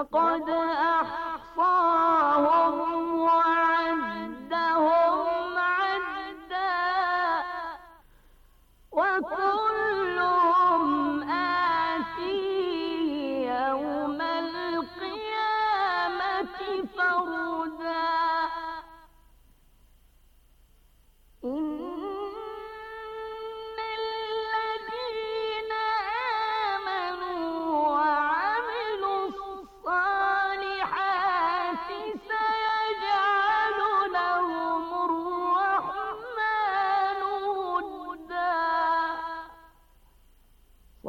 لقد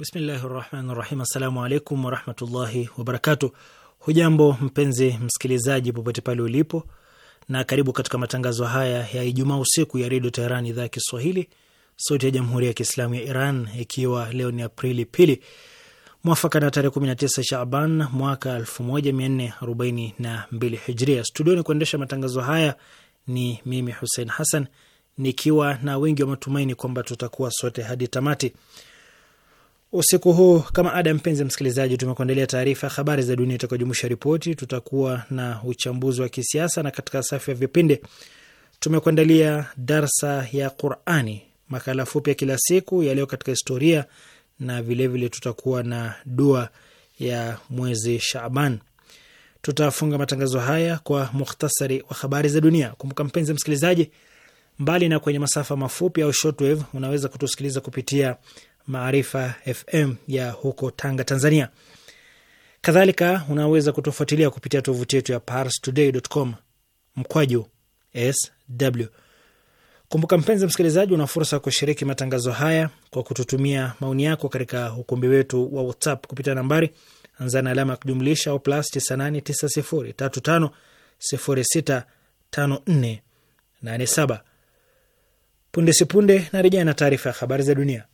Bismillahi rahmani rahim. Assalamu alaikum warahmatullahi wabarakatu. Hujambo mpenzi msikilizaji, popote pale ulipo, na karibu katika matangazo haya ya Ijumaa usiku ya Redio Teheran, idhaa ya Kiswahili, sauti ya Jamhuri ya Kiislamu ya Iran, ikiwa leo ni Aprili pili mwafaka na tarehe 19 Shaban mwaka 1442 Hijria. Studioni kuendesha matangazo haya ni mimi Hussein Hassan, nikiwa na wengi wa matumaini kwamba tutakuwa sote hadi tamati usiku huu kama ada, mpenzi msikilizaji, tumekuandalia taarifa ya habari za dunia itakayojumuisha ripoti, tutakuwa na uchambuzi wa kisiasa, na katika safu ya vipindi tumekuandalia darsa ya Qurani, makala fupi ya kila siku, yaliyo katika historia, na vilevile vile tutakuwa na dua ya mwezi Shaban. Tutafunga matangazo haya kwa mukhtasari wa habari za dunia. Kumbuka mpenzi msikilizaji, mbali na kwenye masafa mafupi au shortwave, unaweza kutusikiliza kupitia Maarifa FM ya huko Tanga, Tanzania. Kadhalika unaweza kutufuatilia kupitia tovuti yetu ya parstoday.com mkwaju sw. Kumbuka mpenzi msikilizaji, una fursa ya kushiriki matangazo haya kwa kututumia maoni yako katika ukumbi wetu wa WhatsApp kupitia nambari anza na alama ya kujumlisha au plus 989035065487. Punde sipunde rejea na taarifa ya habari za dunia.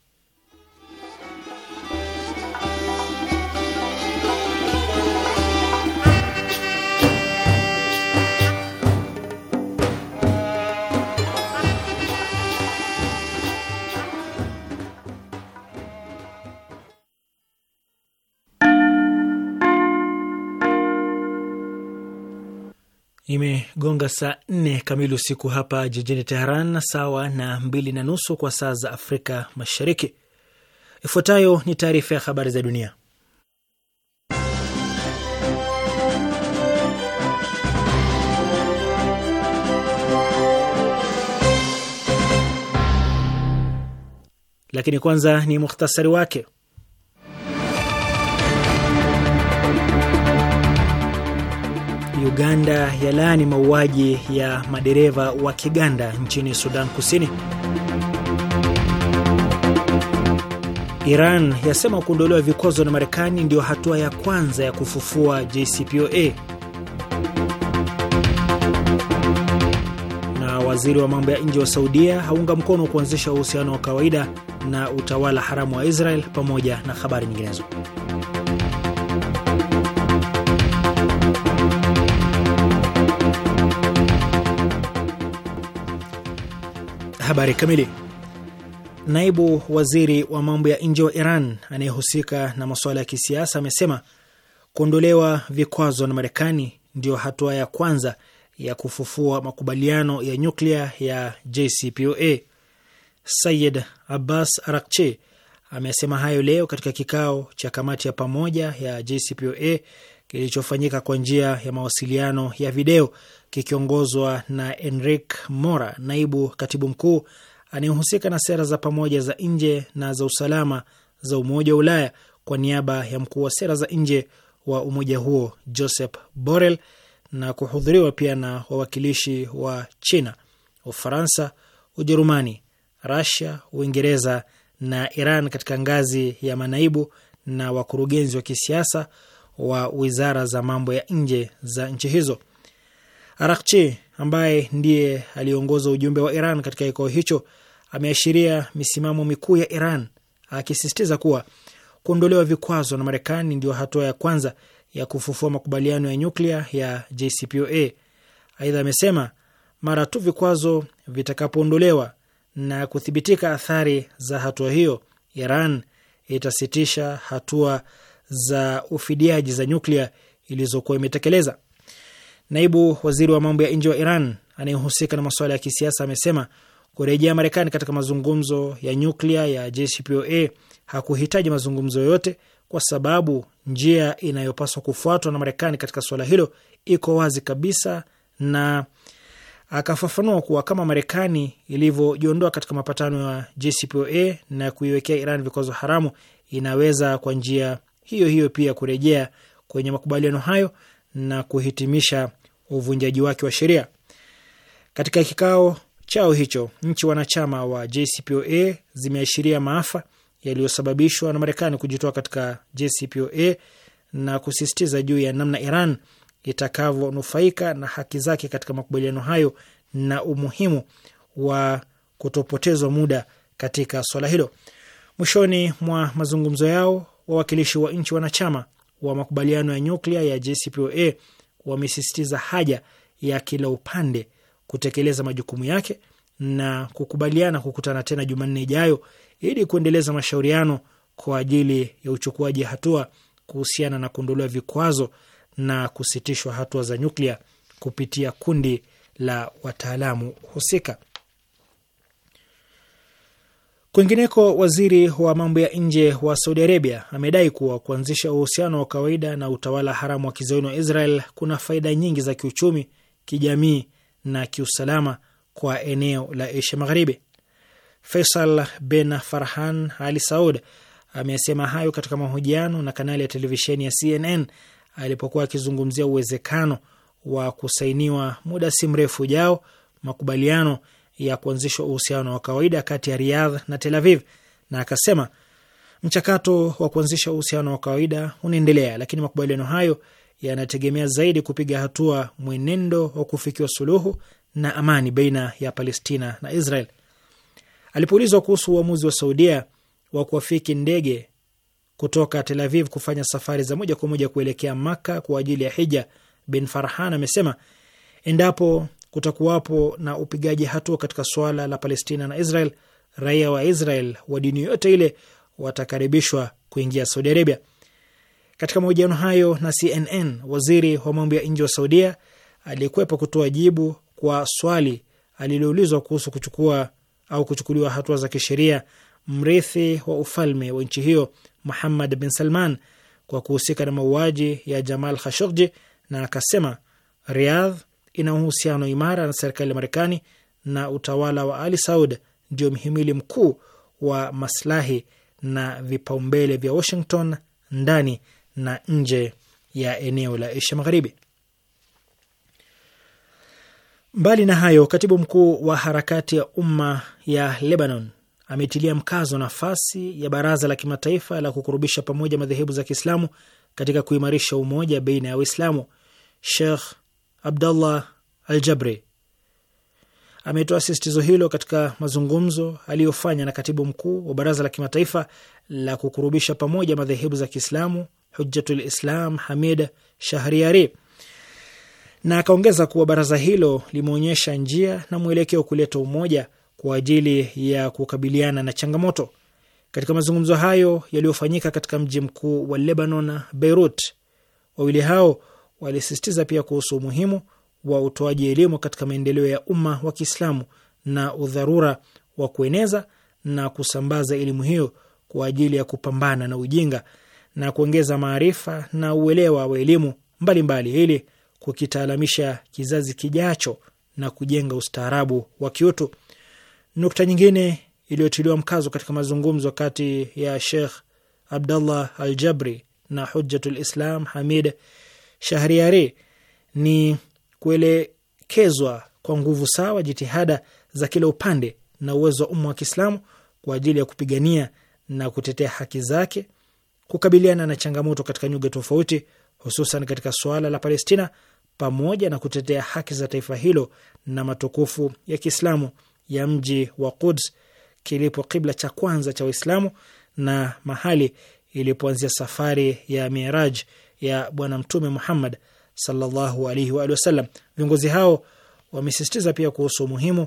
Imegonga saa nne kamili usiku hapa jijini Teheran, sawa na mbili na nusu kwa saa za Afrika Mashariki. Ifuatayo ni taarifa ya habari za dunia, lakini kwanza ni muhtasari wake. Uganda yalaani mauaji ya madereva wa Kiganda nchini Sudan Kusini. Iran yasema kuondolewa vikwazo na Marekani ndiyo hatua ya kwanza ya kufufua JCPOA. Na waziri wa mambo ya nje wa Saudia haunga mkono kuanzisha uhusiano wa kawaida na utawala haramu wa Israel pamoja na habari nyinginezo. Habari kamili. Naibu waziri wa mambo ya nje wa Iran anayehusika na masuala ya kisiasa amesema kuondolewa vikwazo na Marekani ndiyo hatua ya kwanza ya kufufua makubaliano ya nyuklia ya JCPOA. Sayid Abbas Arakche amesema hayo leo katika kikao cha kamati ya pamoja ya JCPOA kilichofanyika kwa njia ya mawasiliano ya video kikiongozwa na Enrique Mora, naibu katibu mkuu anayehusika na sera za pamoja za nje na za usalama za Umoja wa Ulaya, kwa niaba ya mkuu wa sera za nje wa umoja huo Joseph Borrell, na kuhudhuriwa pia na wawakilishi wa China, Ufaransa, Ujerumani, Rasia, Uingereza na Iran katika ngazi ya manaibu na wakurugenzi wa kisiasa wa wizara za mambo ya nje za nchi hizo. Arakchi ambaye ndiye aliongoza ujumbe wa Iran katika kikao hicho ameashiria misimamo mikuu ya Iran akisisitiza kuwa kuondolewa vikwazo na Marekani ndio hatua ya kwanza ya kufufua makubaliano ya nyuklia ya JCPOA. Aidha amesema mara tu vikwazo vitakapoondolewa na kuthibitika athari za hatua hiyo, Iran itasitisha hatua za ufidiaji za nyuklia ilizokuwa imetekeleza. Naibu waziri wa mambo ya nje wa Iran anayehusika na masuala ya kisiasa amesema kurejea Marekani katika mazungumzo ya nyuklia ya JCPOA hakuhitaji mazungumzo yoyote kwa sababu njia inayopaswa kufuatwa na Marekani katika suala hilo iko wazi kabisa, na akafafanua kuwa kama Marekani ilivyojiondoa katika mapatano ya JCPOA na kuiwekea Iran vikwazo haramu, inaweza kwa njia hiyo hiyo pia kurejea kwenye makubaliano hayo na kuhitimisha uvunjaji wake wa sheria. Katika kikao chao hicho, nchi wanachama wa JCPOA zimeashiria maafa yaliyosababishwa na Marekani kujitoa katika JCPOA na kusisitiza juu ya namna Iran itakavyonufaika na haki zake katika makubaliano hayo na umuhimu wa kutopotezwa muda katika swala hilo. Mwishoni mwa mazungumzo yao, wawakilishi wa nchi wanachama wa makubaliano ya nyuklia ya JCPOA wamesisitiza haja ya kila upande kutekeleza majukumu yake na kukubaliana kukutana tena Jumanne ijayo ili kuendeleza mashauriano kwa ajili ya uchukuaji hatua kuhusiana na kuondolewa vikwazo na kusitishwa hatua za nyuklia kupitia kundi la wataalamu husika. Kwingineko, waziri wa mambo ya nje wa Saudi Arabia amedai kuwa kuanzisha uhusiano wa kawaida na utawala haramu wa kizayuni wa Israel kuna faida nyingi za kiuchumi, kijamii na kiusalama kwa eneo la Asia Magharibi. Faisal bin Farhan Ali Saud amesema hayo katika mahojiano na kanali ya televisheni ya CNN alipokuwa akizungumzia uwezekano wa kusainiwa muda si mrefu ujao makubaliano ya kuanzishwa uhusiano wa kawaida kati ya Riyadh na Tel Aviv, na akasema mchakato wa kuanzisha uhusiano wa kawaida unaendelea, lakini makubaliano hayo yanategemea zaidi kupiga hatua mwenendo wa kufikiwa suluhu na amani baina ya Palestina na Israel. Alipoulizwa kuhusu uamuzi wa Saudia wa kuwafiki ndege kutoka Tel Aviv kufanya safari za moja kwa moja kuelekea Maka kwa ajili ya hija, Bin Farhan amesema endapo kutakuwapo na upigaji hatua katika suala la Palestina na Israel, raia wa Israel wa dini yote ile watakaribishwa kuingia Saudi Arabia. Katika mahojiano hayo na CNN, waziri wa mambo ya nje wa Saudia aliyekwepa kutoa jibu kwa swali aliloulizwa kuhusu kuchukua au kuchukuliwa hatua za kisheria mrithi wa ufalme wa nchi hiyo Muhammad bin Salman kwa kuhusika na mauaji ya Jamal Khashoggi, na akasema Riyadh ina uhusiano imara na serikali ya Marekani na utawala wa Ali Saud ndio mhimili mkuu wa maslahi na vipaumbele vya Washington ndani na nje ya eneo la Asia Magharibi. Mbali na hayo, katibu mkuu wa harakati ya umma ya Lebanon ametilia mkazo nafasi ya baraza la kimataifa la kukurubisha pamoja madhehebu za Kiislamu katika kuimarisha umoja baina ya Waislamu. Sheikh Abdallah Aljabri ametoa sisitizo hilo katika mazungumzo aliyofanya na katibu mkuu wa Baraza la Kimataifa la Kukurubisha Pamoja Madhehebu za Kiislamu, Hujjatul Islam Hamid Shahriari, na akaongeza kuwa baraza hilo limeonyesha njia na mwelekeo kuleta umoja kwa ajili ya kukabiliana na changamoto. Katika mazungumzo hayo yaliyofanyika katika mji mkuu wa Lebanon, Beirut, wawili hao walisisitiza pia kuhusu umuhimu wa utoaji elimu katika maendeleo ya umma wa Kiislamu na udharura wa kueneza na kusambaza elimu hiyo kwa ajili ya kupambana na ujinga na kuongeza maarifa na uelewa wa elimu mbalimbali ili kukitaalamisha kizazi kijacho na kujenga ustaarabu wa kiutu. Nukta nyingine iliyotiliwa mkazo katika mazungumzo kati ya Sheikh Abdallah Al Jabri na Hujjatul Islam Hamid shahriare ni kuelekezwa kwa nguvu sawa jitihada za kila upande na uwezo wa umma wa Kiislamu kwa ajili ya kupigania na kutetea haki zake, kukabiliana na changamoto katika nyuga tofauti, hususan katika suala la Palestina, pamoja na kutetea haki za taifa hilo na matukufu ya Kiislamu ya mji wa Quds, kilipo kibla cha kwanza cha Waislamu na mahali ilipoanzia safari ya Miraj ya Bwana Mtume Muhammad sallallahu alaihi wa alihi wasallam. Viongozi hao wamesisitiza pia kuhusu umuhimu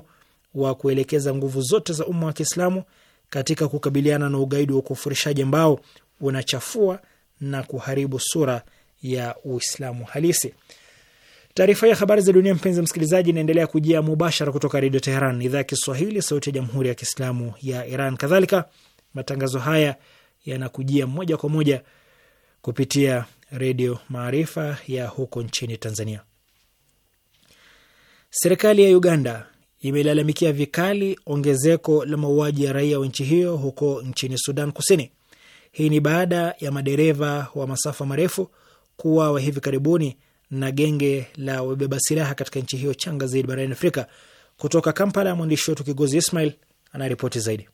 wa kuelekeza nguvu zote za umma wa Kiislamu katika kukabiliana na ugaidi wa ukufurishaji ambao unachafua na kuharibu sura ya Uislamu halisi. Taarifa ya habari za dunia, mpenzi msikilizaji, inaendelea kujia mubashara kutoka Redio Teheran, idhaa ya Kiswahili, sauti ya jamhuri ya Kiislamu ya Iran. Kadhalika matangazo haya yanakujia moja kwa moja kupitia Redio Maarifa ya huko nchini Tanzania. Serikali ya Uganda imelalamikia vikali ongezeko la mauaji ya raia wa nchi hiyo huko nchini Sudan Kusini. Hii ni baada ya madereva wa masafa marefu kuuawa hivi karibuni na genge la wabeba silaha katika nchi hiyo changa zaidi barani Afrika. Kutoka Kampala, mwandishi wetu Kigozi Ismail anaripoti zaidi.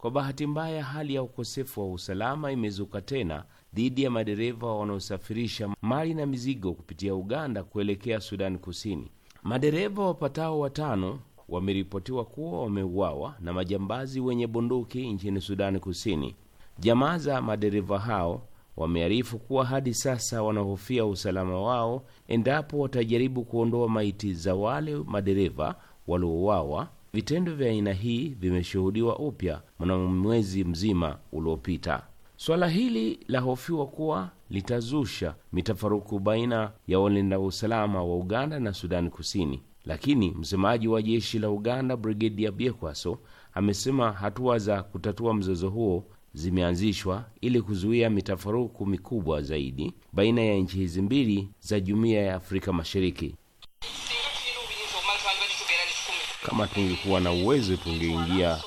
Kwa bahati mbaya, hali ya ukosefu wa usalama imezuka tena dhidi ya madereva wanaosafirisha mali na mizigo kupitia Uganda kuelekea Sudani Kusini. Madereva wapatao watano wameripotiwa kuwa wameuawa na majambazi wenye bunduki nchini Sudani Kusini. Jamaa za madereva hao wamearifu kuwa hadi sasa wanahofia usalama wao endapo watajaribu kuondoa maiti za wale madereva waliouawa Vitendo vya aina hii vimeshuhudiwa upya mnamo mwezi mzima uliopita. Swala hili lahofiwa kuwa litazusha mitafaruku baina ya walinda usalama wa Uganda na Sudani Kusini, lakini msemaji wa jeshi la Uganda Brigedia Byekwaso amesema hatua za kutatua mzozo huo zimeanzishwa ili kuzuia mitafaruku mikubwa zaidi baina ya nchi hizi mbili za Jumuiya ya Afrika Mashariki. Kama tungekuwa na uwezo, tungeingia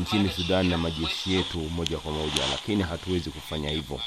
nchini Sudani na majeshi yetu moja kwa moja, lakini hatuwezi kufanya hivyo.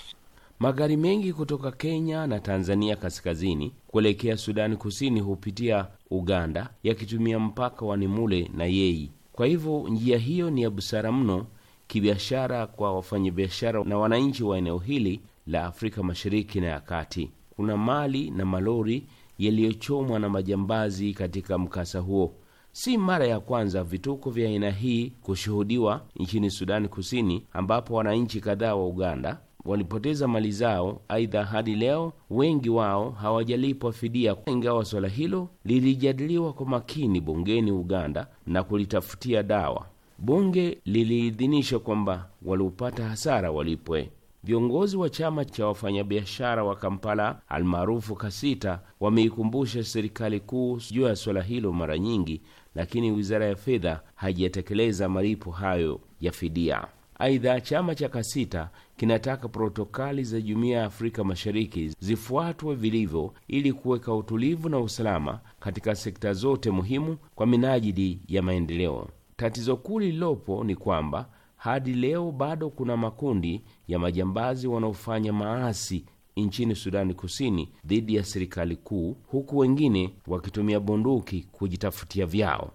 Magari mengi kutoka Kenya na Tanzania kaskazini kuelekea Sudani kusini hupitia Uganda yakitumia mpaka wa Nimule na Yei. Kwa hivyo njia hiyo ni ya busara mno kibiashara kwa wafanyabiashara na wananchi wa eneo hili la Afrika Mashariki na ya Kati. Kuna mali na malori yaliyochomwa na majambazi katika mkasa huo. Si mara ya kwanza vituko vya aina hii kushuhudiwa nchini Sudani Kusini, ambapo wananchi kadhaa wa Uganda walipoteza mali zao. Aidha, hadi leo wengi wao hawajalipwa fidia, ingawa swala hilo lilijadiliwa kwa makini bungeni Uganda na kulitafutia dawa. Bunge liliidhinisha kwamba waliopata hasara walipwe. Viongozi wa chama cha wafanyabiashara wa Kampala almaarufu Kasita wameikumbusha serikali kuu juu ya swala hilo mara nyingi, lakini wizara ya fedha haijatekeleza malipo hayo ya fidia. Aidha, chama cha Kasita kinataka protokali za Jumuiya ya Afrika Mashariki zifuatwe vilivyo ili kuweka utulivu na usalama katika sekta zote muhimu kwa minajili ya maendeleo. Tatizo kuu lililopo ni kwamba hadi leo bado kuna makundi ya majambazi wanaofanya maasi nchini Sudani Kusini dhidi ya serikali kuu, huku wengine wakitumia bunduki kujitafutia vyao.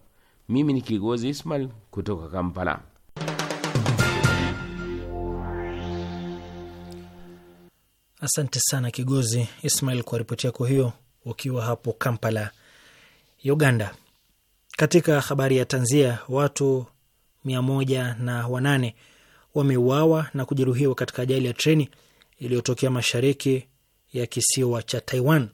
Mimi ni Kigozi Ismail kutoka Kampala. Asante sana Kigozi Ismail kwa ripoti yako hiyo, ukiwa hapo Kampala, Uganda. Katika habari ya tanzia, watu mia moja na wanane wameuawa na kujeruhiwa katika ajali ya treni iliyotokea mashariki ya kisiwa cha Taiwan.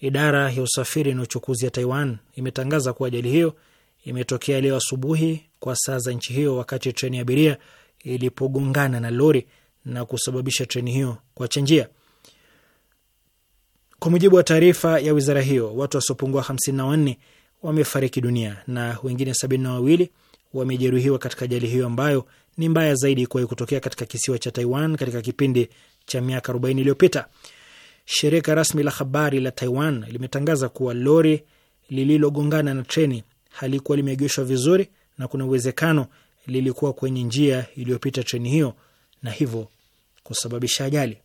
Idara ya usafiri na uchukuzi ya Taiwan imetangaza kuwa ajali hiyo imetokea leo asubuhi kwa saa za nchi hiyo, wakati treni ya abiria ilipogongana na lori na kusababisha treni hiyo kuacha njia. Kwa mujibu wa taarifa ya wizara hiyo, watu wasiopungua 54 wamefariki dunia na wengine 72 wamejeruhiwa katika ajali hiyo ambayo ni mbaya zaidi kuwahi kutokea katika kisiwa cha Taiwan katika kipindi cha miaka 40 iliyopita. Shirika rasmi la habari la Taiwan limetangaza kuwa lori lililogongana na treni halikuwa limeegeshwa vizuri na kuna uwezekano lilikuwa kwenye njia iliyopita treni hiyo na hivyo kusababisha ajali.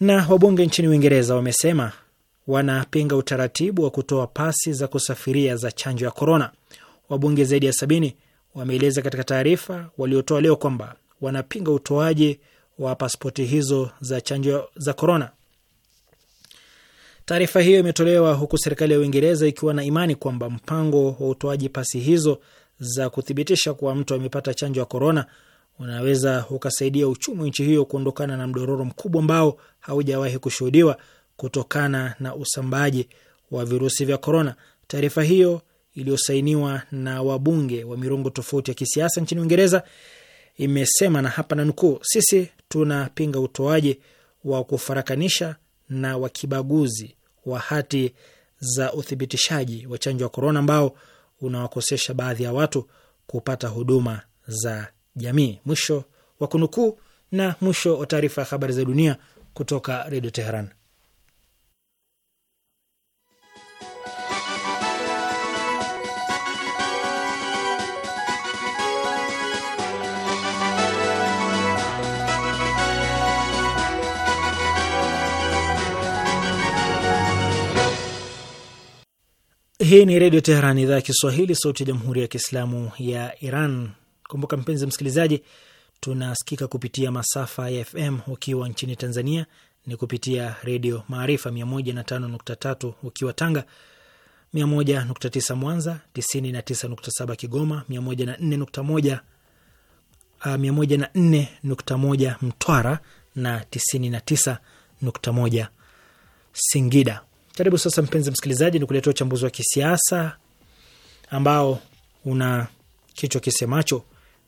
Na wabunge nchini Uingereza wamesema wanapinga utaratibu wa kutoa pasi za kusafiria za chanjo ya korona. Wabunge zaidi ya sabini wameeleza katika taarifa waliotoa leo kwamba wanapinga utoaji wa pasipoti hizo za chanjo za korona. Taarifa hiyo imetolewa huku serikali ya Uingereza ikiwa na imani kwamba mpango wa utoaji pasi hizo za kuthibitisha kuwa mtu amepata chanjo ya korona unaweza ukasaidia uchumi wa nchi hiyo kuondokana na mdororo mkubwa ambao haujawahi kushuhudiwa kutokana na usambaaji wa virusi vya korona. Taarifa hiyo iliyosainiwa na wabunge wa mirongo tofauti ya kisiasa nchini Uingereza imesema, na hapa na sisi tunapinga utoaji wa kufarakanisha na wakibaguzi wa hati za uthibitishaji wa chanjo ya korona ambao unawakosesha baadhi ya watu kupata huduma za jamii. Mwisho wa kunukuu. Na mwisho wa taarifa ya habari za dunia kutoka Redio Teheran. Hii ni Redio Teheran, idhaa ya Kiswahili, sauti ya Jamhuri ya Kiislamu ya Iran. Kumbuka mpenzi msikilizaji, tunasikika kupitia masafa ya FM. Ukiwa nchini Tanzania ni kupitia Redio Maarifa 105.3, ukiwa Tanga 101.9, Mwanza 99.7, Kigoma 104.1, ah, Mtwara na 99.1 Singida. Karibu sasa, mpenzi msikilizaji, ni kuletea uchambuzi wa kisiasa ambao una kichwa kisemacho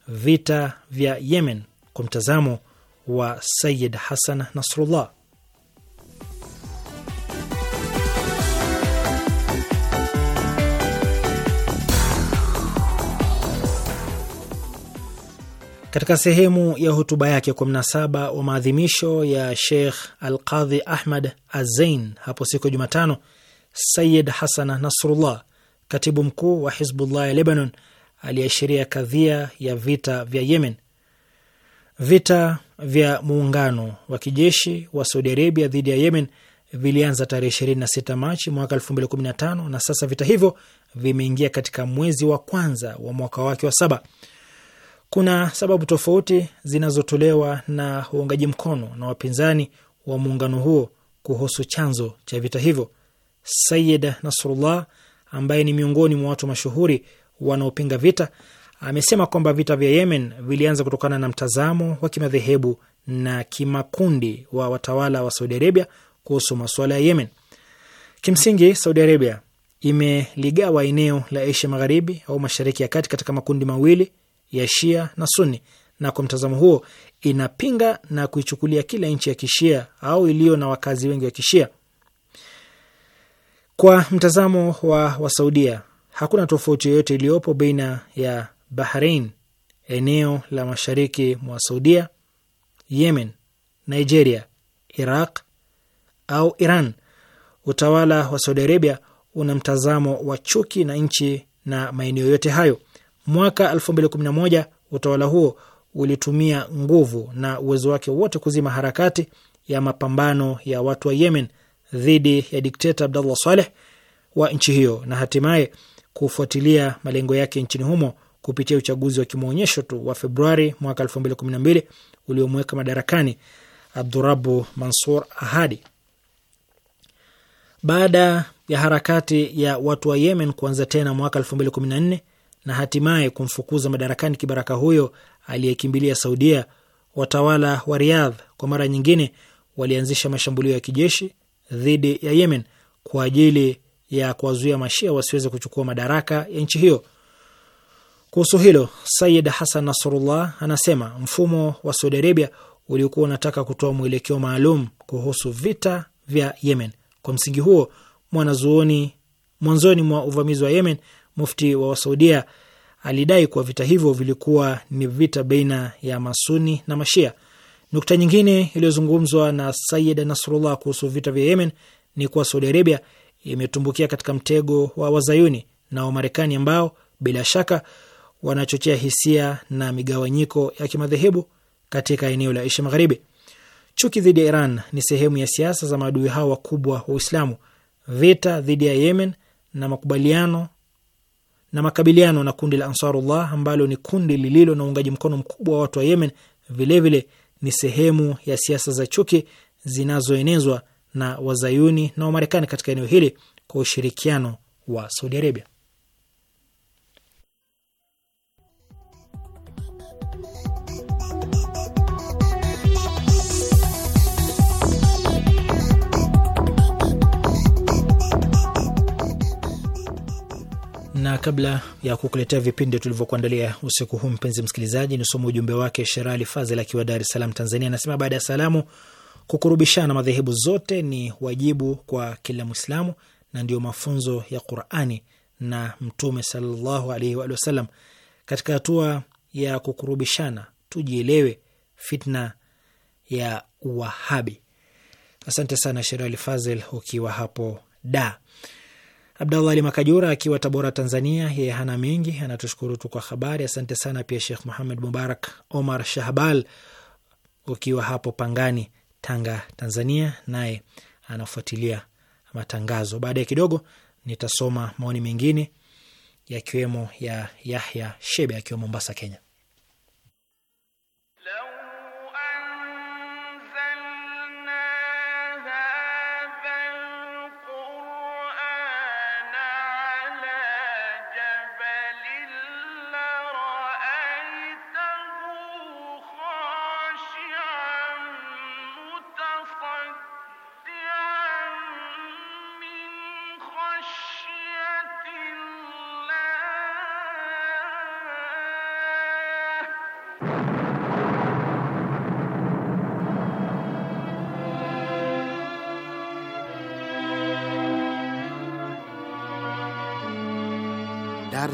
vita vya Yemen kwa mtazamo wa Sayid Hassan Nasrullah. Katika sehemu ya hotuba yake kwa mnasaba wa maadhimisho ya Sheikh Alqadhi Ahmad Azein hapo siku ya Jumatano, Sayid Hasan Nasrullah, katibu mkuu wa Hizbullah ya Lebanon, aliashiria kadhia ya vita vya Yemen. Vita vya muungano wa kijeshi wa Saudi Arabia dhidi ya Yemen vilianza tarehe 26 Machi mwaka 2015 na sasa vita hivyo vimeingia katika mwezi wa kwanza wa mwaka wake wa saba. Kuna sababu tofauti zinazotolewa na uungaji mkono na wapinzani wa muungano huo kuhusu chanzo cha vita hivyo. Sayid Nasrullah ambaye ni miongoni mwa watu mashuhuri wanaopinga vita amesema kwamba vita vya Yemen vilianza kutokana na mtazamo wa kimadhehebu na kimakundi wa watawala wa Saudi Arabia kuhusu masuala ya Yemen. Kimsingi, Saudi Arabia imeligawa eneo la Asia Magharibi au Mashariki ya Kati katika makundi mawili ya Shia na Sunni, na kwa mtazamo huo inapinga na kuichukulia kila nchi ya kishia au iliyo na wakazi wengi wa kishia. Kwa mtazamo wa Wasaudia, hakuna tofauti yoyote iliyopo baina ya Bahrain, eneo la mashariki mwa Saudia, Yemen, Nigeria, Iraq au Iran. Utawala wa Saudi Arabia una mtazamo wa chuki na nchi na maeneo yote hayo. Mwaka 2011 utawala huo ulitumia nguvu na uwezo wake wote kuzima harakati ya mapambano ya watu wa Yemen dhidi ya dikteta Abdallah Saleh wa nchi hiyo na hatimaye kufuatilia malengo yake nchini humo kupitia uchaguzi wa kimwonyesho tu wa Februari mwaka 2012 uliomweka madarakani Abdurabu Mansur Ahadi. Baada ya harakati ya watu wa Yemen kuanza tena mwaka 2014 na hatimaye kumfukuza madarakani kibaraka huyo aliyekimbilia Saudia, watawala wa Riyadh kwa mara nyingine walianzisha mashambulio ya kijeshi dhidi ya Yemen kwa ajili ya kuwazuia Mashia wasiweze kuchukua madaraka ya nchi hiyo. Kuhusu hilo, Sayid Hasan Nasrullah anasema mfumo wa Saudi Arabia uliokuwa unataka kutoa mwelekeo maalum kuhusu vita vya Yemen. Kwa msingi huo, mwanazuoni mwanzoni mwa uvamizi wa Yemen mufti wa Wasaudia alidai kuwa vita hivyo vilikuwa ni vita baina ya masuni na mashia. Nukta nyingine iliyozungumzwa na Sayid Nasrullah kuhusu vita vya Yemen ni kuwa Saudi Arabia imetumbukia katika mtego wa wazayuni na Wamarekani ambao bila shaka wanachochea hisia na migawanyiko ya kimadhehebu katika eneo la Asia Magharibi. Chuki dhidi ya Iran ni sehemu ya siasa za maadui hao wakubwa wa Uislamu. Vita dhidi ya Yemen na makubaliano na makabiliano na kundi la Ansarullah ambalo ni kundi lililo na uungaji mkono mkubwa wa watu wa Yemen, vilevile ni sehemu ya siasa za chuki zinazoenezwa na wazayuni na Wamarekani katika eneo hili kwa ushirikiano wa Saudi Arabia. Na kabla ya kukuletea vipindi tulivyokuandalia usiku huu, mpenzi msikilizaji, nisome ujumbe wake Sherali Fazil akiwa Dar es Salaam, Tanzania. Anasema baada ya salamu, kukurubishana madhehebu zote ni wajibu kwa kila Mwislamu na ndiyo mafunzo ya Qurani na Mtume sallallahu alaihi wa sallam. Katika hatua ya kukurubishana, tujielewe fitna ya Wahabi. Asante sana Sherali Fazel ukiwa hapo da Abdallah Ali Makajura akiwa Tabora, Tanzania, yeye hana mengi, anatushukuru tu kwa habari. Asante sana pia Shekh Muhamed Mubarak Omar Shahbal ukiwa hapo Pangani, Tanga, Tanzania, naye anafuatilia matangazo. Baadaye kidogo nitasoma maoni mengine yakiwemo ya Yahya Shebe akiwa Mombasa, Kenya.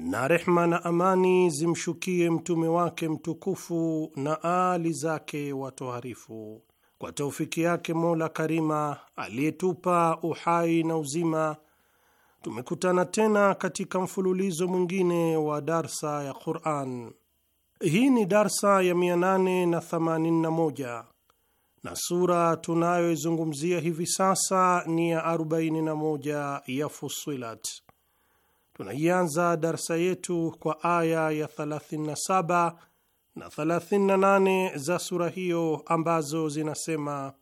na rehma na amani zimshukie mtume wake mtukufu na aali zake watoharifu. Kwa taufiki yake Mola Karima aliyetupa uhai na uzima, tumekutana tena katika mfululizo mwingine wa darsa ya Quran. Hii ni darsa ya 881 na sura tunayoizungumzia hivi sasa ni ya 41 ya Fusilat. Tunaianza darsa yetu kwa aya ya 37 na 38 za sura hiyo ambazo zinasema: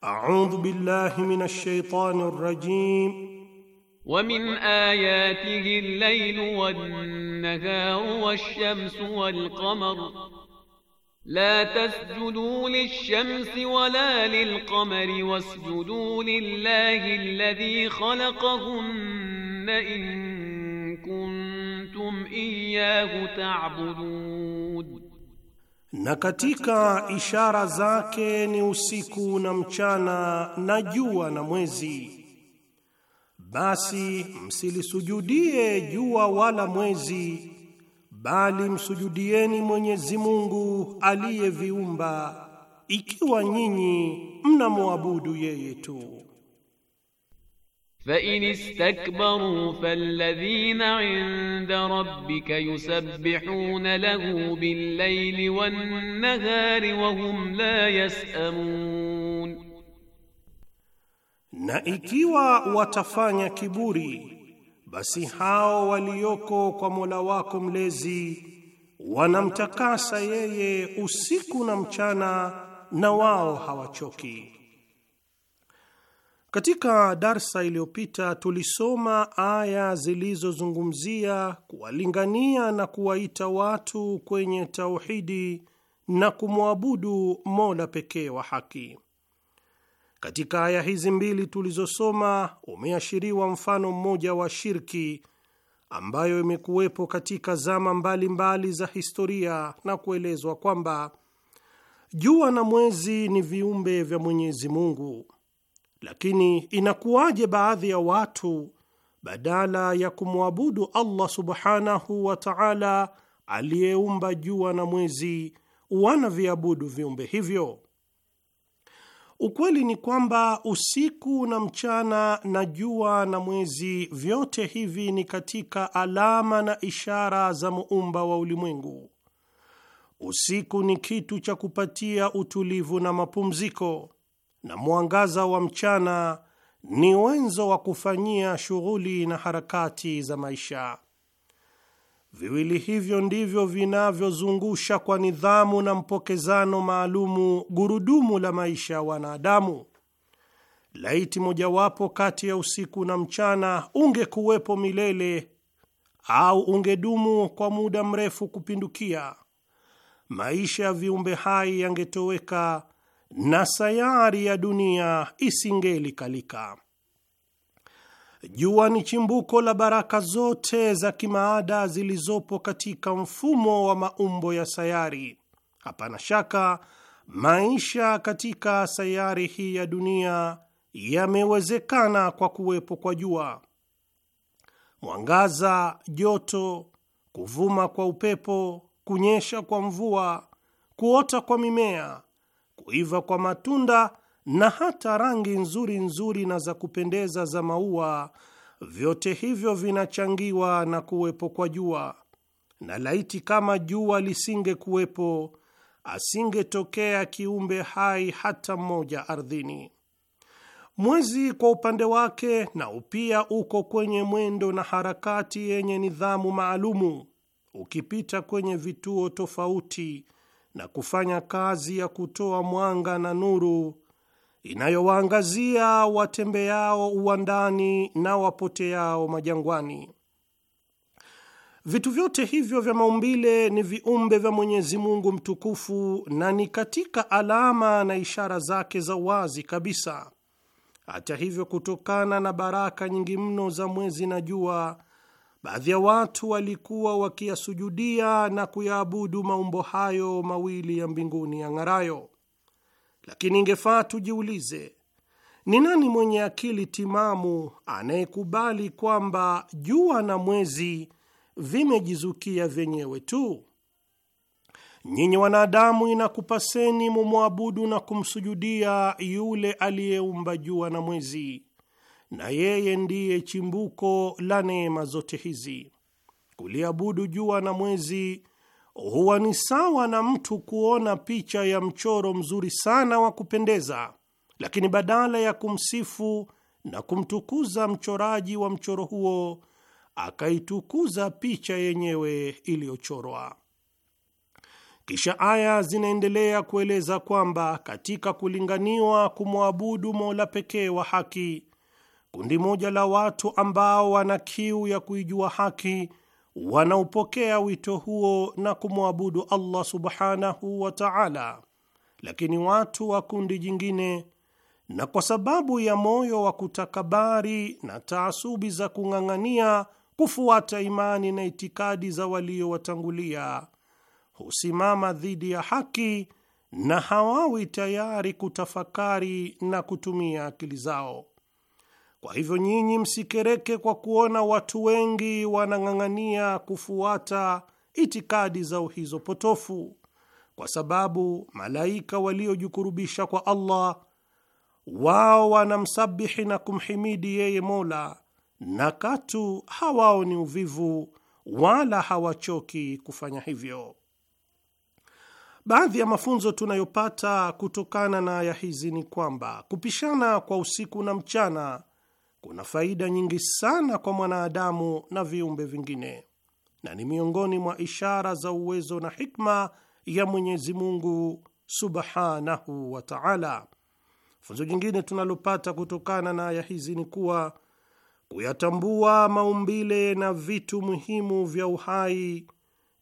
audhu billahi minash shaitani rajim ومن آياته الليل والنهار والشمس والقمر la tasjudu lish wala lil wasjudu lillahi alladhi khalaqahunna in kuntum iyyahu ta'budun, na katika ishara zake ni usiku na mchana na jua na mwezi. Basi msilisujudie jua wala mwezi bali msujudieni Mwenyezi Mungu aliyeviumba, ikiwa nyinyi mnamwabudu yeye tu. in istakbaru falladhina inda rabbika yusabbihuna lahu billayli wa hum la yasamun, na ikiwa watafanya kiburi basi hao walioko kwa Mola wako mlezi wanamtakasa yeye usiku na mchana, na wao hawachoki. Katika darsa iliyopita tulisoma aya zilizozungumzia kuwalingania na kuwaita watu kwenye tauhidi na kumwabudu Mola pekee wa haki. Katika aya hizi mbili tulizosoma umeashiriwa mfano mmoja wa shirki ambayo imekuwepo katika zama mbalimbali mbali za historia na kuelezwa kwamba jua na mwezi ni viumbe vya Mwenyezi Mungu. Lakini inakuwaje baadhi ya watu badala ya kumwabudu Allah subhanahu wa ta'ala aliyeumba jua na mwezi wanaviabudu viumbe hivyo? Ukweli ni kwamba usiku na mchana na jua na mwezi, vyote hivi ni katika alama na ishara za muumba wa ulimwengu. Usiku ni kitu cha kupatia utulivu na mapumziko, na mwangaza wa mchana ni wenzo wa kufanyia shughuli na harakati za maisha. Viwili hivyo ndivyo vinavyozungusha kwa nidhamu na mpokezano maalumu gurudumu la maisha ya wanadamu. Laiti mojawapo kati ya usiku na mchana ungekuwepo milele au ungedumu kwa muda mrefu kupindukia, maisha ya viumbe hai yangetoweka na sayari ya dunia isingelikalika. Jua ni chimbuko la baraka zote za kimaada zilizopo katika mfumo wa maumbo ya sayari. Hapana shaka maisha katika sayari hii ya dunia yamewezekana kwa kuwepo kwa jua. Mwangaza, joto, kuvuma kwa upepo, kunyesha kwa mvua, kuota kwa mimea, kuiva kwa matunda na hata rangi nzuri nzuri na za kupendeza za maua, vyote hivyo vinachangiwa na kuwepo kwa jua. Na laiti kama jua lisingekuwepo, asingetokea kiumbe hai hata mmoja ardhini. Mwezi kwa upande wake nao pia uko kwenye mwendo na harakati yenye nidhamu maalumu, ukipita kwenye vituo tofauti na kufanya kazi ya kutoa mwanga na nuru inayowaangazia watembeao uwandani na wapoteao majangwani. Vitu vyote hivyo vya maumbile ni viumbe vya Mwenyezi Mungu mtukufu na ni katika alama na ishara zake za wazi kabisa. Hata hivyo, kutokana na baraka nyingi mno za mwezi na jua, baadhi ya watu walikuwa wakiyasujudia na kuyaabudu maumbo hayo mawili ya mbinguni yang'arayo lakini ingefaa tujiulize, ni nani mwenye akili timamu anayekubali kwamba jua na mwezi vimejizukia vyenyewe tu? Nyinyi wanadamu, inakupaseni mumwabudu na kumsujudia yule aliyeumba jua na mwezi, na yeye ndiye chimbuko la neema zote hizi. Kuliabudu jua na mwezi huwa ni sawa na mtu kuona picha ya mchoro mzuri sana wa kupendeza, lakini badala ya kumsifu na kumtukuza mchoraji wa mchoro huo akaitukuza picha yenyewe iliyochorwa. Kisha aya zinaendelea kueleza kwamba katika kulinganiwa kumwabudu Mola pekee wa haki, kundi moja la watu ambao wana kiu ya kuijua haki wanaopokea wito huo na kumwabudu Allah subhanahu wa ta'ala, lakini watu wa kundi jingine, na kwa sababu ya moyo wa kutakabari na taasubi za kung'ang'ania kufuata imani na itikadi za waliowatangulia, husimama dhidi ya haki na hawawi tayari kutafakari na kutumia akili zao. Kwa hivyo nyinyi msikereke kwa kuona watu wengi wanang'ang'ania kufuata itikadi zao hizo potofu, kwa sababu malaika waliojikurubisha kwa Allah wao wanamsabihi na kumhimidi yeye Mola, na katu hawaoni uvivu wala hawachoki kufanya hivyo. Baadhi ya mafunzo tunayopata kutokana na aya hizi ni kwamba kupishana kwa usiku na mchana kuna faida nyingi sana kwa mwanadamu na viumbe vingine, na ni miongoni mwa ishara za uwezo na hikma ya Mwenyezi Mungu subhanahu wa taala. Funzo jingine tunalopata kutokana na aya hizi ni kuwa kuyatambua maumbile na vitu muhimu vya uhai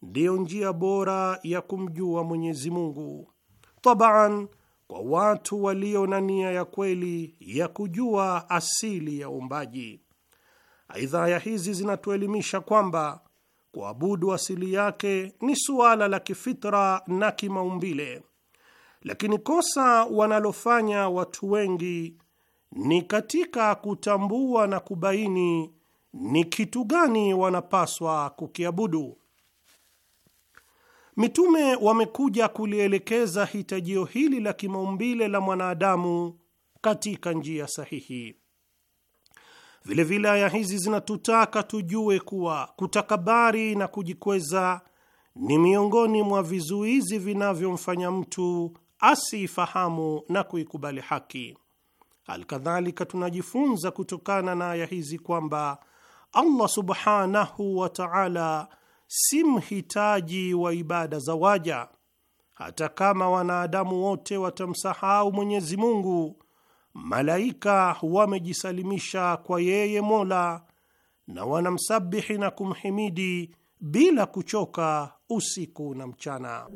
ndiyo njia bora ya kumjua Mwenyezi Mungu. Tabaan, kwa watu walio na nia ya kweli ya kujua asili ya uumbaji. Aidha, aya hizi zinatuelimisha kwamba kuabudu asili yake ni suala la kifitra na kimaumbile, lakini kosa wanalofanya watu wengi ni katika kutambua na kubaini ni kitu gani wanapaswa kukiabudu. Mitume wamekuja kulielekeza hitajio hili la kimaumbile la mwanadamu katika njia sahihi. Vilevile aya hizi zinatutaka tujue kuwa kutakabari na kujikweza ni miongoni mwa vizuizi vinavyomfanya mtu asiifahamu na kuikubali haki. Alkadhalika, tunajifunza kutokana na aya hizi kwamba Allah subhanahu wa ta'ala si mhitaji wa ibada za waja. Hata kama wanadamu wote watamsahau Mwenyezi Mungu, malaika wamejisalimisha kwa yeye Mola na wanamsabihi na kumhimidi bila kuchoka usiku na mchana.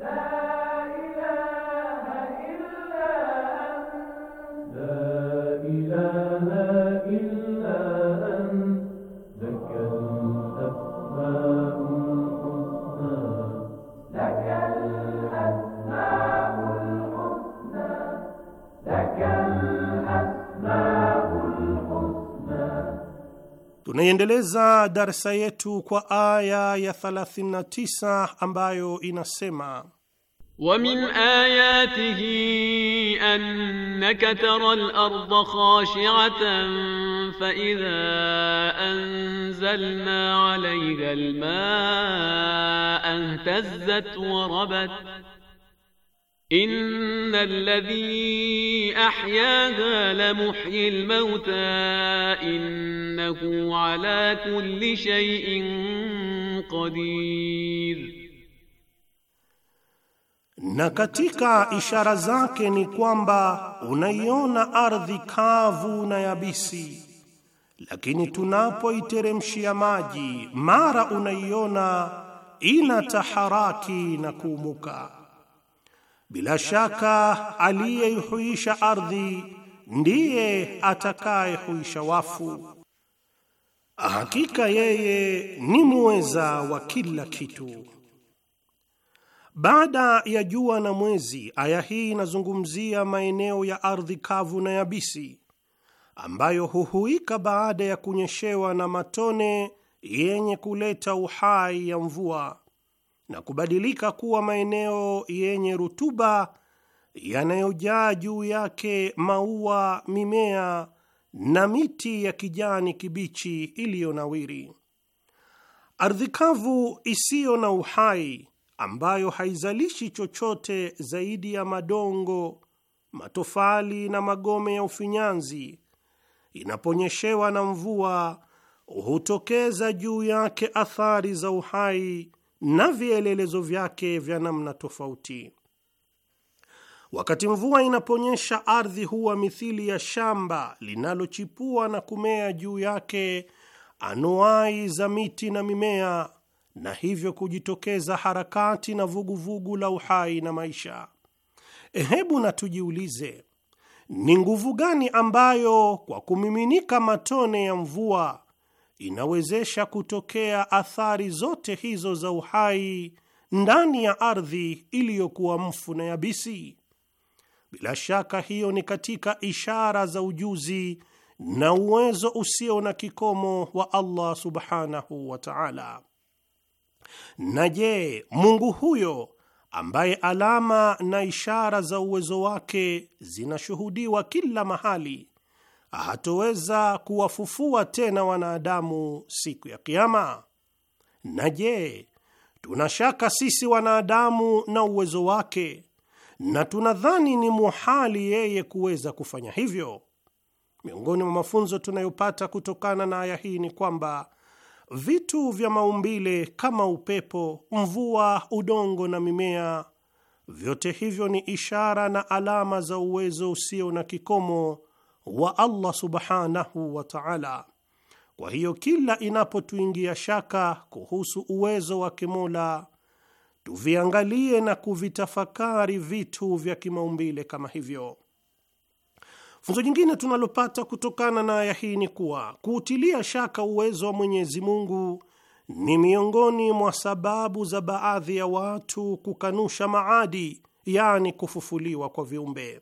Tunaiendeleza darsa yetu kwa aya ya 39 ambayo inasema ومن آياته أنك ترى الأرض خاشعة فإذا أنزلنا عليها الماء اهتزت وربت Inna alladhi ahyaha la muhyi almauta innahu ala kulli shay'in qadir, na katika ishara zake ni kwamba unaiona ardhi kavu na yabisi, lakini tunapoiteremshia maji mara unaiona ina taharaki na kuumuka bila shaka aliyeihuisha ardhi ndiye atakayehuisha wafu. Hakika yeye ni muweza wa kila kitu. Baada ya jua na mwezi, aya hii inazungumzia maeneo ya ardhi kavu na yabisi ambayo huhuika baada ya kunyeshewa na matone yenye kuleta uhai ya mvua na kubadilika kuwa maeneo yenye rutuba yanayojaa juu yake maua, mimea na miti ya kijani kibichi iliyonawiri. Ardhi kavu isiyo na uhai ambayo haizalishi chochote zaidi ya madongo, matofali na magome ya ufinyanzi, inaponyeshewa na mvua hutokeza juu yake athari za uhai na vielelezo vyake vya namna tofauti. Wakati mvua inaponyesha, ardhi huwa mithili ya shamba linalochipua na kumea juu yake anuai za miti na mimea, na hivyo kujitokeza harakati na vuguvugu vugu la uhai na maisha. Hebu na tujiulize, ni nguvu gani ambayo kwa kumiminika matone ya mvua inawezesha kutokea athari zote hizo za uhai ndani ya ardhi iliyokuwa mfu na yabisi. Bila shaka hiyo ni katika ishara za ujuzi na uwezo usio na kikomo wa Allah subhanahu wa ta'ala. Na je, Mungu huyo ambaye alama na ishara za uwezo wake zinashuhudiwa kila mahali hatoweza kuwafufua tena wanadamu siku ya Kiama? Na je, tuna shaka sisi wanadamu na uwezo wake, na tunadhani ni muhali yeye kuweza kufanya hivyo? Miongoni mwa mafunzo tunayopata kutokana na aya hii ni kwamba vitu vya maumbile kama upepo, mvua, udongo na mimea, vyote hivyo ni ishara na alama za uwezo usio na kikomo wa Allah subhanahu wa ta'ala. Kwa hiyo kila inapotuingia shaka kuhusu uwezo wa kimola tuviangalie na kuvitafakari vitu vya kimaumbile kama hivyo. Funzo jingine tunalopata kutokana na aya hii ni kuwa kuutilia shaka uwezo wa Mwenyezi Mungu ni miongoni mwa sababu za baadhi ya watu kukanusha maadi, yaani kufufuliwa kwa viumbe.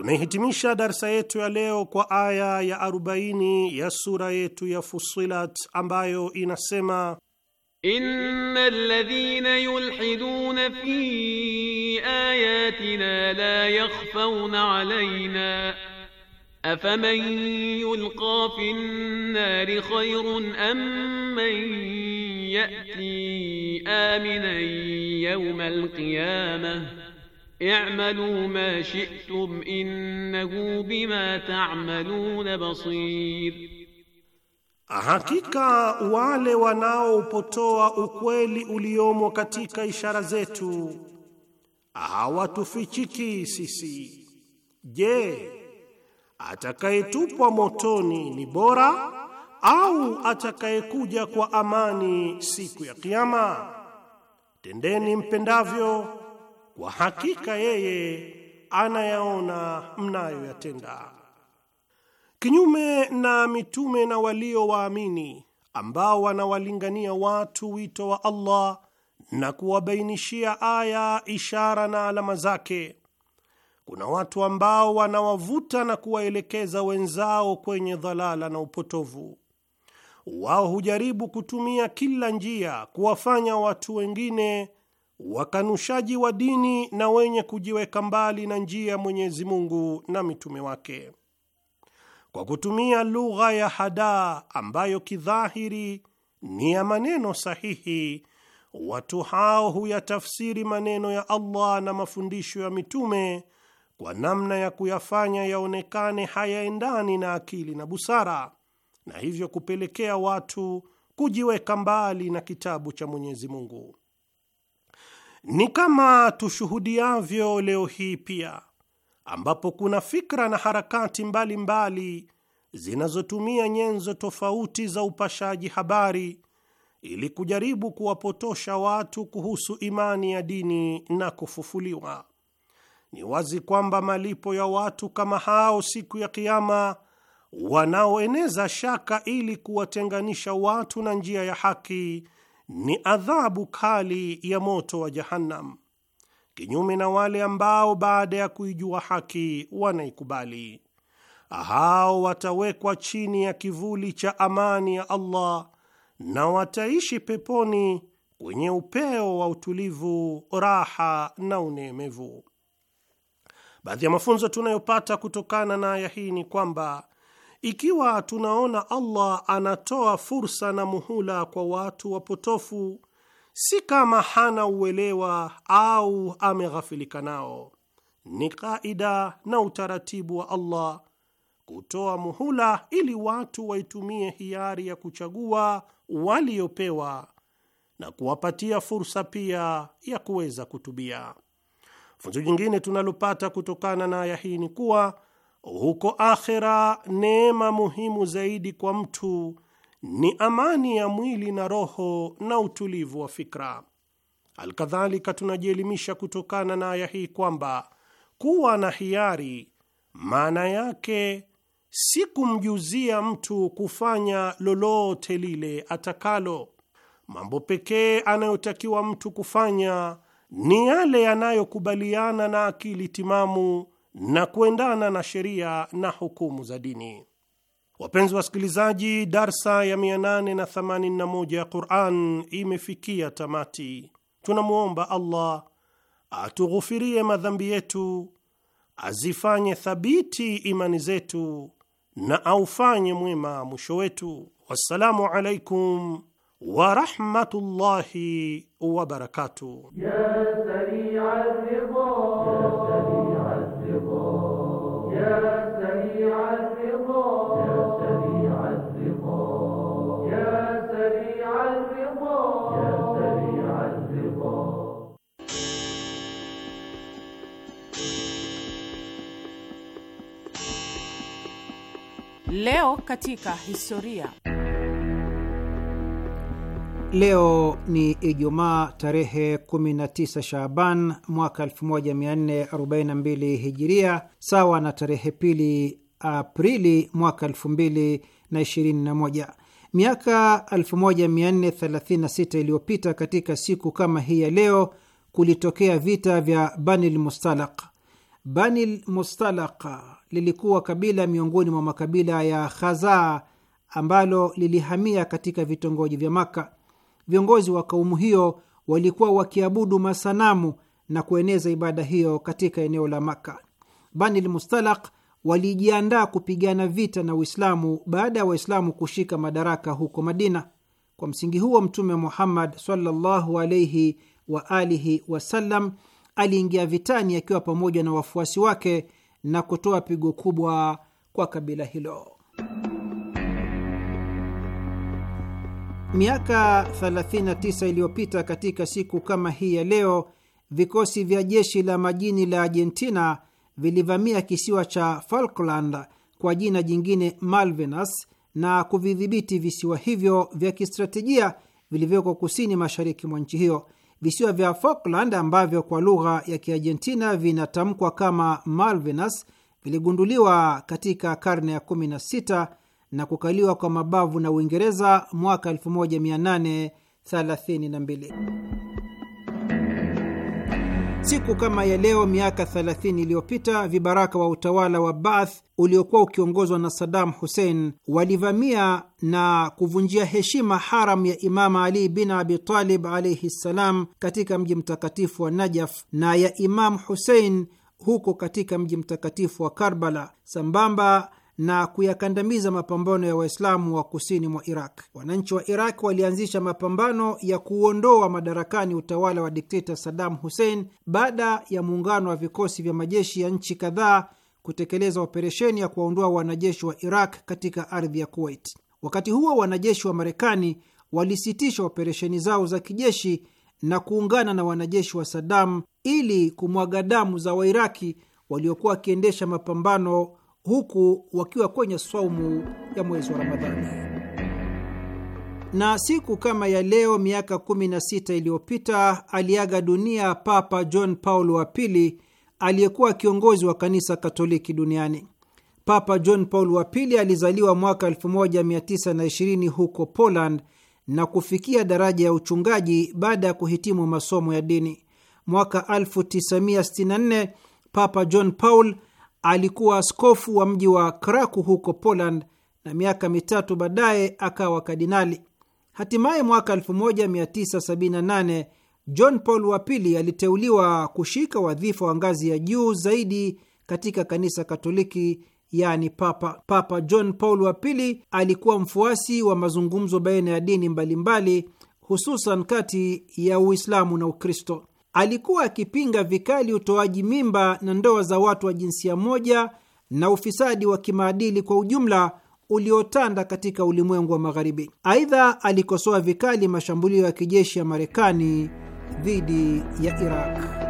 Tunaihitimisha darsa yetu ya leo kwa aya ya 40 ya sura yetu ya Fusilat ambayo inasema Innal ladhina yulhiduna fi ayatina la yakhfawna alayna afaman yulqa fi an-nari khayrun am man ya'ti aminan yawma al-qiyamah i'malu ma shi'tum innahu bima ta'maluna basir, hakika wale wanaopotoa ukweli uliomo katika ishara zetu hawatufichiki sisi. Je, atakayetupwa motoni ni bora au atakayekuja kwa amani siku ya Kiyama? Tendeni mpendavyo kwa hakika yeye anayaona mnayoyatenda. Kinyume na mitume na waliowaamini ambao wanawalingania watu wito wa Allah na kuwabainishia aya, ishara na alama zake, kuna watu ambao wanawavuta na kuwaelekeza wenzao kwenye dhalala na upotovu. Wao hujaribu kutumia kila njia kuwafanya watu wengine wakanushaji wa dini na wenye kujiweka mbali na njia ya Mwenyezi Mungu na mitume wake, kwa kutumia lugha ya hadaa ambayo kidhahiri ni ya maneno sahihi. Watu hao huyatafsiri maneno ya Allah na mafundisho ya mitume kwa namna ya kuyafanya yaonekane hayaendani na akili na busara, na hivyo kupelekea watu kujiweka mbali na kitabu cha Mwenyezi Mungu. Ni kama tushuhudiavyo leo hii pia, ambapo kuna fikra na harakati mbalimbali zinazotumia nyenzo tofauti za upashaji habari ili kujaribu kuwapotosha watu kuhusu imani ya dini na kufufuliwa. Ni wazi kwamba malipo ya watu kama hao siku ya Kiama, wanaoeneza shaka ili kuwatenganisha watu na njia ya haki ni adhabu kali ya moto wa Jahannam, kinyume na wale ambao baada ya kuijua haki wanaikubali. Hao watawekwa chini ya kivuli cha amani ya Allah na wataishi peponi kwenye upeo wa utulivu, raha na uneemevu. Baadhi ya mafunzo tunayopata kutokana na aya hii ni kwamba ikiwa tunaona Allah anatoa fursa na muhula kwa watu wapotofu, si kama hana uelewa au ameghafilika nao. Ni kaida na utaratibu wa Allah kutoa muhula ili watu waitumie hiari ya kuchagua waliopewa na kuwapatia fursa pia ya kuweza kutubia. Funzo jingine tunalopata kutokana na aya hii ni kuwa huko akhera, neema muhimu zaidi kwa mtu ni amani ya mwili na roho na utulivu wa fikra. Alkadhalika, tunajielimisha kutokana na aya hii kwamba kuwa na hiari maana yake si kumjuzia mtu kufanya lolote lile atakalo. Mambo pekee anayotakiwa mtu kufanya ni yale yanayokubaliana na akili timamu na kuendana na sheria na hukumu za dini. Wapenzi wasikilizaji, darsa ya 881 ya Quran imefikia tamati. Tunamwomba Allah atughufirie madhambi yetu, azifanye thabiti imani zetu na aufanye mwema mwisho wetu. Wassalamu alaikum warahmatullahi wabarakatuh. Leo katika historia. Leo ni Ijumaa tarehe 19 Shaaban mwaka 1442 Hijiria, sawa na tarehe pili Aprili mwaka 2021. Miaka 1436 iliyopita katika siku kama hii ya leo kulitokea vita vya Banil mustalak Banil Mustalak lilikuwa kabila miongoni mwa makabila ya khaza ambalo lilihamia katika vitongoji vya Maka. Viongozi wa kaumu hiyo walikuwa wakiabudu masanamu na kueneza ibada hiyo katika eneo la Maka. Banil Mustalak walijiandaa kupigana vita na Uislamu baada ya Waislamu kushika madaraka huko Madina. Kwa msingi huo, Mtume Muhammad sallallahu alaihi wa alihi wasallam aliingia vitani akiwa pamoja na wafuasi wake na kutoa pigo kubwa kwa kabila hilo. Miaka 39 iliyopita katika siku kama hii ya leo, vikosi vya jeshi la majini la Argentina vilivamia kisiwa cha Falkland kwa jina jingine Malvinas na kuvidhibiti visiwa hivyo vya kistratejia vilivyoko kusini mashariki mwa nchi hiyo. Visiwa vya Falkland ambavyo kwa lugha ya Kiargentina vinatamkwa kama Malvinas viligunduliwa katika karne ya 16 na kukaliwa kwa mabavu na Uingereza mwaka 1832. Siku kama ya leo miaka 30 iliyopita vibaraka wa utawala wa Baath uliokuwa ukiongozwa na Saddam Hussein walivamia na kuvunjia heshima haram ya Imam Ali bin Abi Talib alaihi ssalam katika mji mtakatifu wa Najaf na ya Imamu Hussein huko katika mji mtakatifu wa Karbala sambamba na kuyakandamiza mapambano ya Waislamu wa kusini mwa Iraq. Wananchi wa Iraq walianzisha mapambano ya kuondoa madarakani utawala wa dikteta Saddam Hussein baada ya muungano wa vikosi vya majeshi ya nchi kadhaa kutekeleza operesheni ya kuwaondoa wanajeshi wa Iraq katika ardhi ya Kuwait. Wakati huo wanajeshi wa Marekani walisitisha operesheni zao za kijeshi na kuungana na wanajeshi wa Saddam ili kumwaga damu za Wairaki waliokuwa wakiendesha mapambano huku wakiwa kwenye saumu ya mwezi wa Ramadhani. Na siku kama ya leo miaka 16 iliyopita aliaga dunia Papa John Paulo wa pili aliyekuwa kiongozi wa kanisa Katoliki duniani. Papa John Paul wa pili alizaliwa mwaka 1920 huko Poland na kufikia daraja ya uchungaji baada ya kuhitimu masomo ya dini. Mwaka 1964 Papa John Paul alikuwa askofu wa mji wa Kraku huko Poland na miaka mitatu baadaye akawa kardinali. Hatimaye mwaka 1978 John Paul wa pili aliteuliwa kushika wadhifa wa ngazi ya juu zaidi katika kanisa Katoliki, yaani papa. Papa John Paul wa pili alikuwa mfuasi wa mazungumzo baina ya dini mbalimbali, hususan kati ya Uislamu na Ukristo alikuwa akipinga vikali utoaji mimba na ndoa za watu wa jinsia moja na ufisadi wa kimaadili kwa ujumla uliotanda katika ulimwengu wa Magharibi. Aidha, alikosoa vikali mashambulio ya kijeshi ya Marekani dhidi ya Iraq.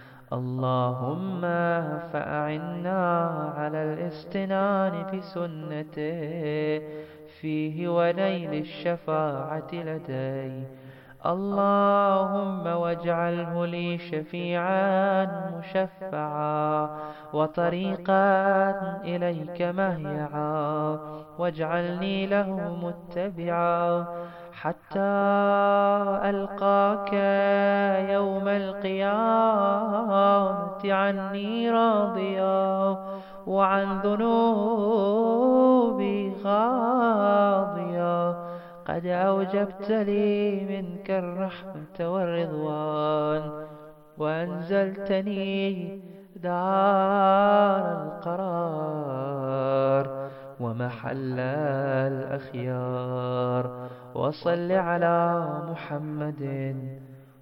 اللهم فأعنا على الاستنان بسنته فيه ونيل الشفاعة لدي اللهم واجعله لي شفيعا مشفعا وطريقا إليك مهيعا واجعلني له متبعا حتى ألقاك يوم القيامة عني راضيا وعن ذنوبي خاضيا قد أوجبت لي منك الرحمة والرضوان وأنزلتني دار القرار ومحل الأخيار وصل على محمد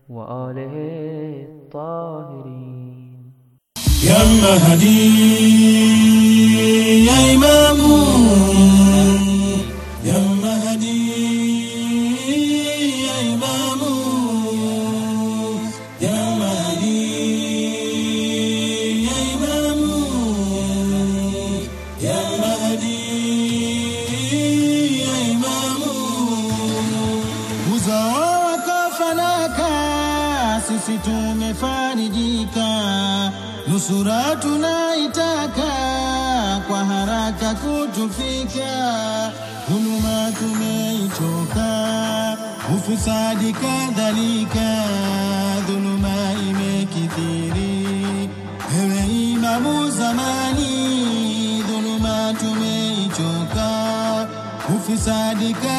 وآله الطاهرين يا مهدي يا إمام sura tunaitaka kwa haraka kutufika, dhuluma tumeichoka, ufisadi kadhalika, dhuluma imekithiri. Ewe imamu zamani, dhuluma tumeichoka, ufisadi kadhalika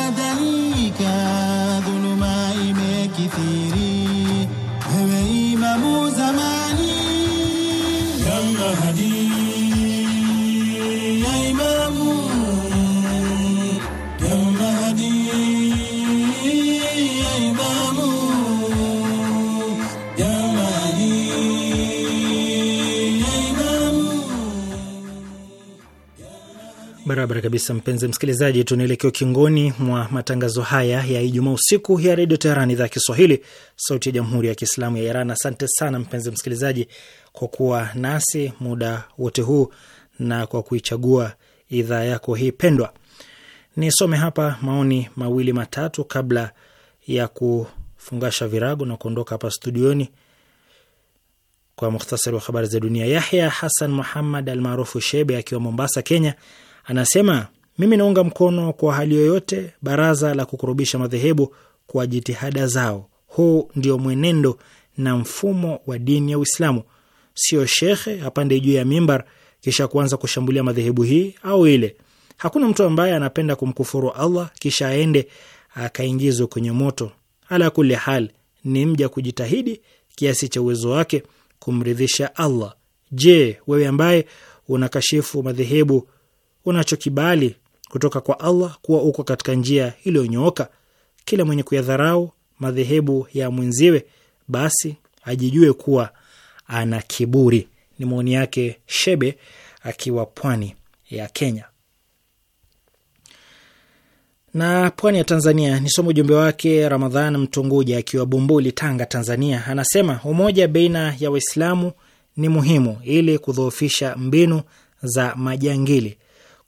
Barabara kabisa, mpenzi msikilizaji, tunaelekea ukingoni mwa matangazo haya ya Ijumaa usiku ya Redio Teheran, idhaa ya Kiswahili, sauti ya Jamhuri ya Kiislamu ya Iran. Asante sana mpenzi msikilizaji kwa kuwa nasi muda wote huu na kwa kuichagua idhaa yako hii pendwa. Nisome hapa maoni mawili matatu kabla ya kufungasha virago na kuondoka hapa studioni. Kwa muhtasari wa habari za dunia, Yahya Hasan Muhammad almaarufu Shebe akiwa Mombasa, Kenya, Anasema, mimi naunga mkono kwa hali yoyote baraza la kukurubisha madhehebu kwa jitihada zao. Huu ndio mwenendo na mfumo wa dini ya Uislamu, sio shekhe apande juu ya mimbar kisha kuanza kushambulia madhehebu hii au ile. Hakuna mtu ambaye anapenda kumkufuru Allah kisha aende akaingizwe kwenye moto. Ala kuli hal, ni mja kujitahidi kiasi cha uwezo wake kumridhisha Allah. Je, wewe ambaye unakashifu madhehebu unachokibali kutoka kwa Allah kuwa uko katika njia iliyonyooka. Kila mwenye kuyadharau madhehebu ya mwenziwe, basi ajijue kuwa ana kiburi. Ni maoni yake Shebe akiwa pwani ya Kenya. Na pwani ya Tanzania ni somo ujumbe wake Ramadhan Mtunguja akiwa Bumbuli, Tanga, Tanzania. Anasema umoja baina ya Waislamu ni muhimu ili kudhoofisha mbinu za majangili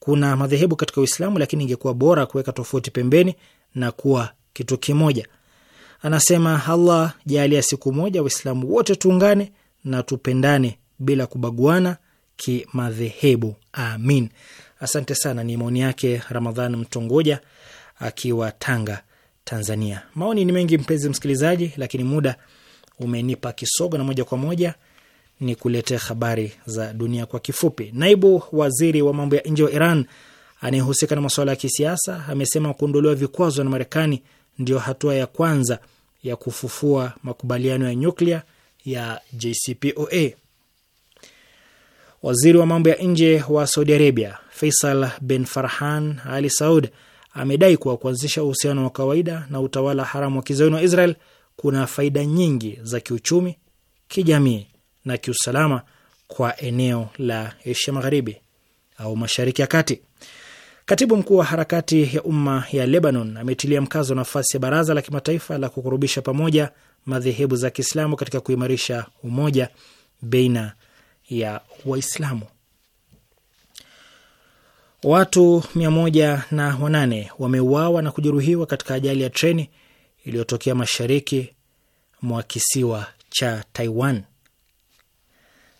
kuna madhehebu katika Uislamu, lakini ingekuwa bora kuweka tofauti pembeni na kuwa kitu kimoja. Anasema Allah ya siku moja Waislamu wote tuungane na tupendane bila kubaguana kimadhehebu, amin. Asante sana, ni maoni yake Ramadhan Mtongoja akiwa Tanga, Tanzania. Maoni ni mengi mpenzi msikilizaji, lakini muda umenipa kisogo, na moja kwa moja ni kuletea habari za dunia kwa kifupi. Naibu waziri wa mambo ya nje wa Iran anayehusika na masuala ya kisiasa amesema kuondolewa vikwazo na Marekani ndiyo hatua ya kwanza ya kufufua makubaliano ya nyuklia ya JCPOA. Waziri wa mambo ya nje wa Saudi Arabia Faisal bin Farhan Ali Saud amedai kuwa kuanzisha uhusiano wa kawaida na utawala haramu wa kizayuni wa Israel kuna faida nyingi za kiuchumi, kijamii na kiusalama kwa eneo la Asia Magharibi au Mashariki ya Kati. Katibu mkuu wa harakati ya umma ya Lebanon ametilia mkazo nafasi ya baraza la kimataifa la kukurubisha pamoja madhehebu za Kiislamu katika kuimarisha umoja baina ya Waislamu. Watu mia moja na wanane wameuawa na kujeruhiwa katika ajali ya treni iliyotokea mashariki mwa kisiwa cha Taiwan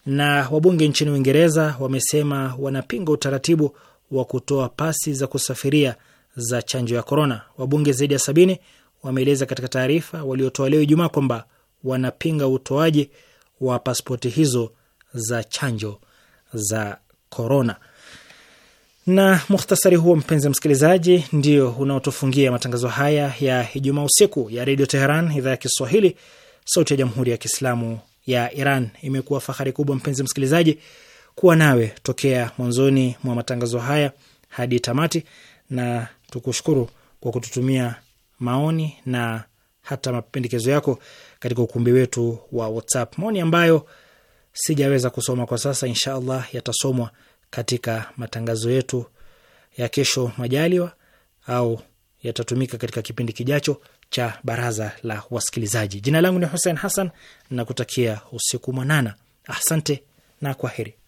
na wabunge nchini Uingereza wamesema wanapinga utaratibu wa kutoa pasi za kusafiria za chanjo ya korona. Wabunge zaidi ya sabini wameeleza katika taarifa waliotoa leo Ijumaa kwamba wanapinga utoaji wa paspoti hizo za chanjo za korona. Na muhtasari huo, mpenzi msikilizaji, ndio unaotufungia matangazo haya ya Ijumaa usiku ya Redio Teheran, idhaa ya Kiswahili, sauti ya Jamhuri ya Kiislamu ya Iran. Imekuwa fahari kubwa, mpenzi msikilizaji, kuwa nawe tokea mwanzoni mwa matangazo haya hadi tamati, na tukushukuru kwa kututumia maoni na hata mapendekezo yako katika ukumbi wetu wa WhatsApp, maoni ambayo sijaweza kusoma kwa sasa, insha allah yatasomwa katika matangazo yetu ya kesho majaliwa, au yatatumika katika kipindi kijacho cha baraza la wasikilizaji. Jina langu ni Hussein Hassan nakutakia usiku mwanana. Asante na kwaheri.